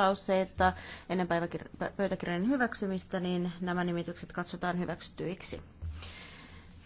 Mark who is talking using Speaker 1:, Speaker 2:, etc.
Speaker 1: vastalauseita ennen päiväkir- pöytäkirjan hyväksymistä, niin nämä nimitykset katsotaan hyväksytyiksi.